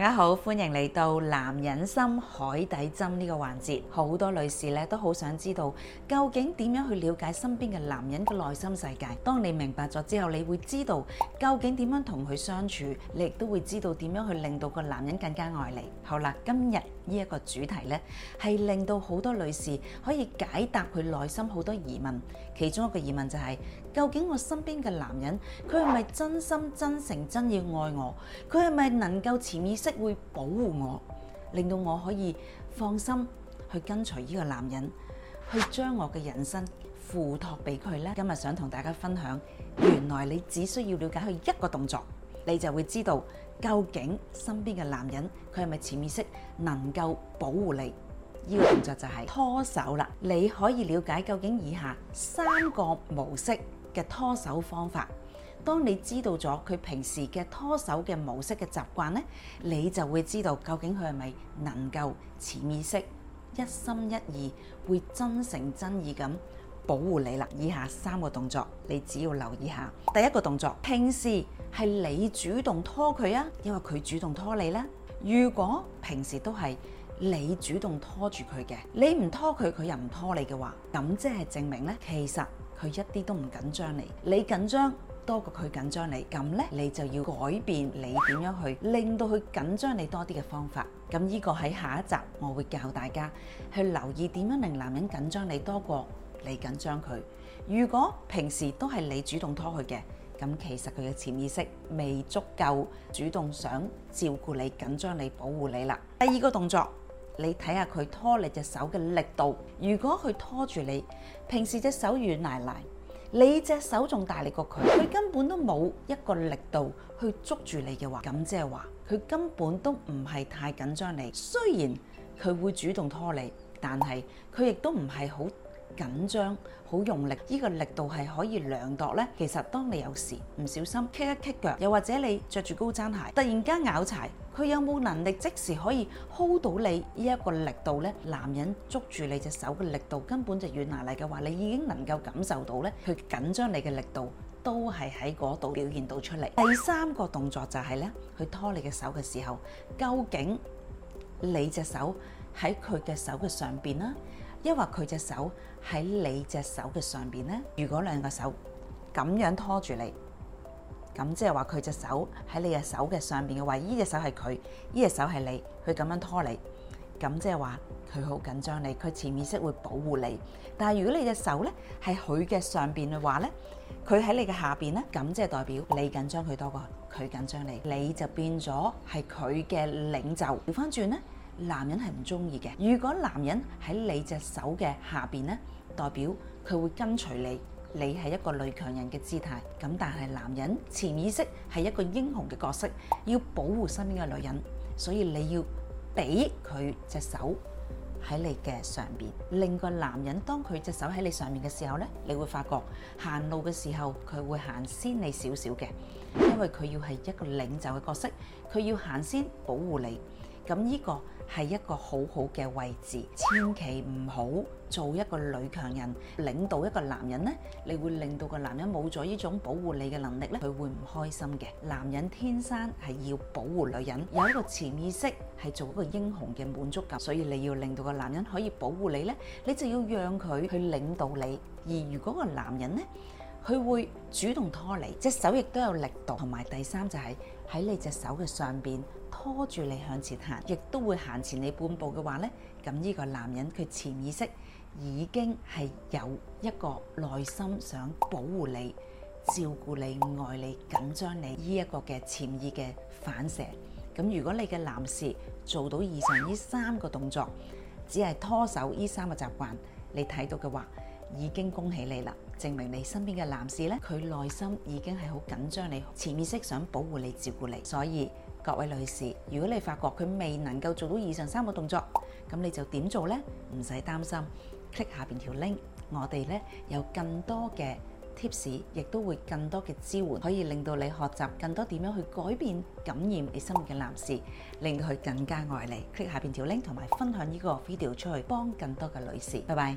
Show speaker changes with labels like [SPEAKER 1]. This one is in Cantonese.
[SPEAKER 1] 大家好，歡迎嚟到男人心海底針呢個環節。好多女士咧都好想知道，究竟點樣去了解身邊嘅男人嘅內心世界？當你明白咗之後，你會知道究竟點樣同佢相處，你亦都會知道點樣去令到個男人更加愛你。好啦，今日。呢一個主題呢，係令到好多女士可以解答佢內心好多疑問。其中一個疑問就係：究竟我身邊嘅男人，佢係咪真心、真誠、真意愛我？佢係咪能夠潛意識會保護我，令到我可以放心去跟隨呢個男人，去將我嘅人生付託俾佢呢？今日想同大家分享，原來你只需要了解佢一個動作，你就會知道。究竟身邊嘅男人，佢係咪潛意識能夠保護你？呢個動作就係拖手啦。你可以了解究竟以下三個模式嘅拖手方法。當你知道咗佢平時嘅拖手嘅模式嘅習慣呢，你就會知道究竟佢係咪能夠潛意識一心一意會真誠真意咁。保護你啦！以下三個動作，你只要留意下。第一個動作，平時係你主動拖佢啊，抑或佢主動拖你呢？如果平時都係你主動拖住佢嘅，你唔拖佢，佢又唔拖你嘅話，咁即係證明呢，其實佢一啲都唔緊張你。你緊張多過佢緊張你，咁呢，你就要改變你點樣去令到佢緊張你多啲嘅方法。咁呢個喺下一集，我會教大家去留意點樣令男人緊張你多過。你緊張佢，如果平時都係你主動拖佢嘅，咁其實佢嘅潛意識未足夠主動想照顧你、緊張你、保護你啦。第二個動作，你睇下佢拖你隻手嘅力度，如果佢拖住你，平時隻手軟賴賴，你隻手仲大力過佢，佢根本都冇一個力度去捉住你嘅話，咁即係話佢根本都唔係太緊張你。雖然佢會主動拖你，但係佢亦都唔係好。緊張，好用力，呢個力度係可以量度呢。其實，當你有時唔小心，kick 一 kick 腳，又或者你著住高踭鞋，突然間拗柴，佢有冇能力即時可以 hold 到你呢一個力度呢？男人捉住你隻手嘅力度，根本就軟腍腍嘅話，你已經能夠感受到呢，佢緊張你嘅力度都係喺嗰度表現到出嚟。第三個動作就係呢，佢拖你嘅手嘅時候，究竟你隻手喺佢嘅手嘅上邊啦。因為佢隻手喺你隻手嘅上邊呢。如果兩個手咁樣拖住你，咁即係話佢隻手喺你嘅手嘅上邊嘅話，依隻手係佢，依隻手係你，佢咁樣拖你，咁即係話佢好緊張你，佢潛意識會保護你。但係如果你隻手呢係佢嘅上邊嘅話呢，佢喺你嘅下邊呢，咁即係代表你緊張佢多過佢緊張你，你就變咗係佢嘅領袖。調翻轉呢。男人係唔中意嘅。如果男人喺你隻手嘅下邊呢，代表佢會跟隨你。你係一個女強人嘅姿態。咁但係男人潛意識係一個英雄嘅角色，要保護身邊嘅女人。所以你要俾佢隻手喺你嘅上邊，令個男人，當佢隻手喺你上面嘅時候呢，你會發覺行路嘅時候佢會行先你少少嘅，因為佢要係一個領袖嘅角色，佢要行先保護你。咁呢個係一個好好嘅位置，千祈唔好做一個女強人，領導一個男人呢，你會令到個男人冇咗呢種保護你嘅能力呢，佢會唔開心嘅。男人天生係要保護女人，有一個潛意識係做一個英雄嘅滿足感，所以你要令到個男人可以保護你呢，你就要讓佢去領導你。而如果個男人呢，佢會主動拖你，隻手亦都有力度，同埋第三就係喺你隻手嘅上邊。拖住你向前行，亦都會行前你半步嘅話呢，咁呢個男人佢潛意識已經係有一個內心想保護你、照顧你、愛你、緊張你呢一個嘅潛意嘅反射。咁如果你嘅男士做到以上呢三個動作，只係拖手呢三個習慣，你睇到嘅話，已經恭喜你啦，證明你身邊嘅男士呢，佢內心已經係好緊張你，潛意識想保護你、照顧你，所以。各位女士，如果你發覺佢未能夠做到以上三個動作，咁你就點做呢？唔使擔心，click 下邊條 link，我哋呢有更多嘅 tips，亦都會更多嘅支援，可以令到你學習更多點樣去改變感染你身邊嘅男士，令佢更加愛你。click 下邊條 link 同埋分享呢個 video 出去，幫更多嘅女士。拜拜。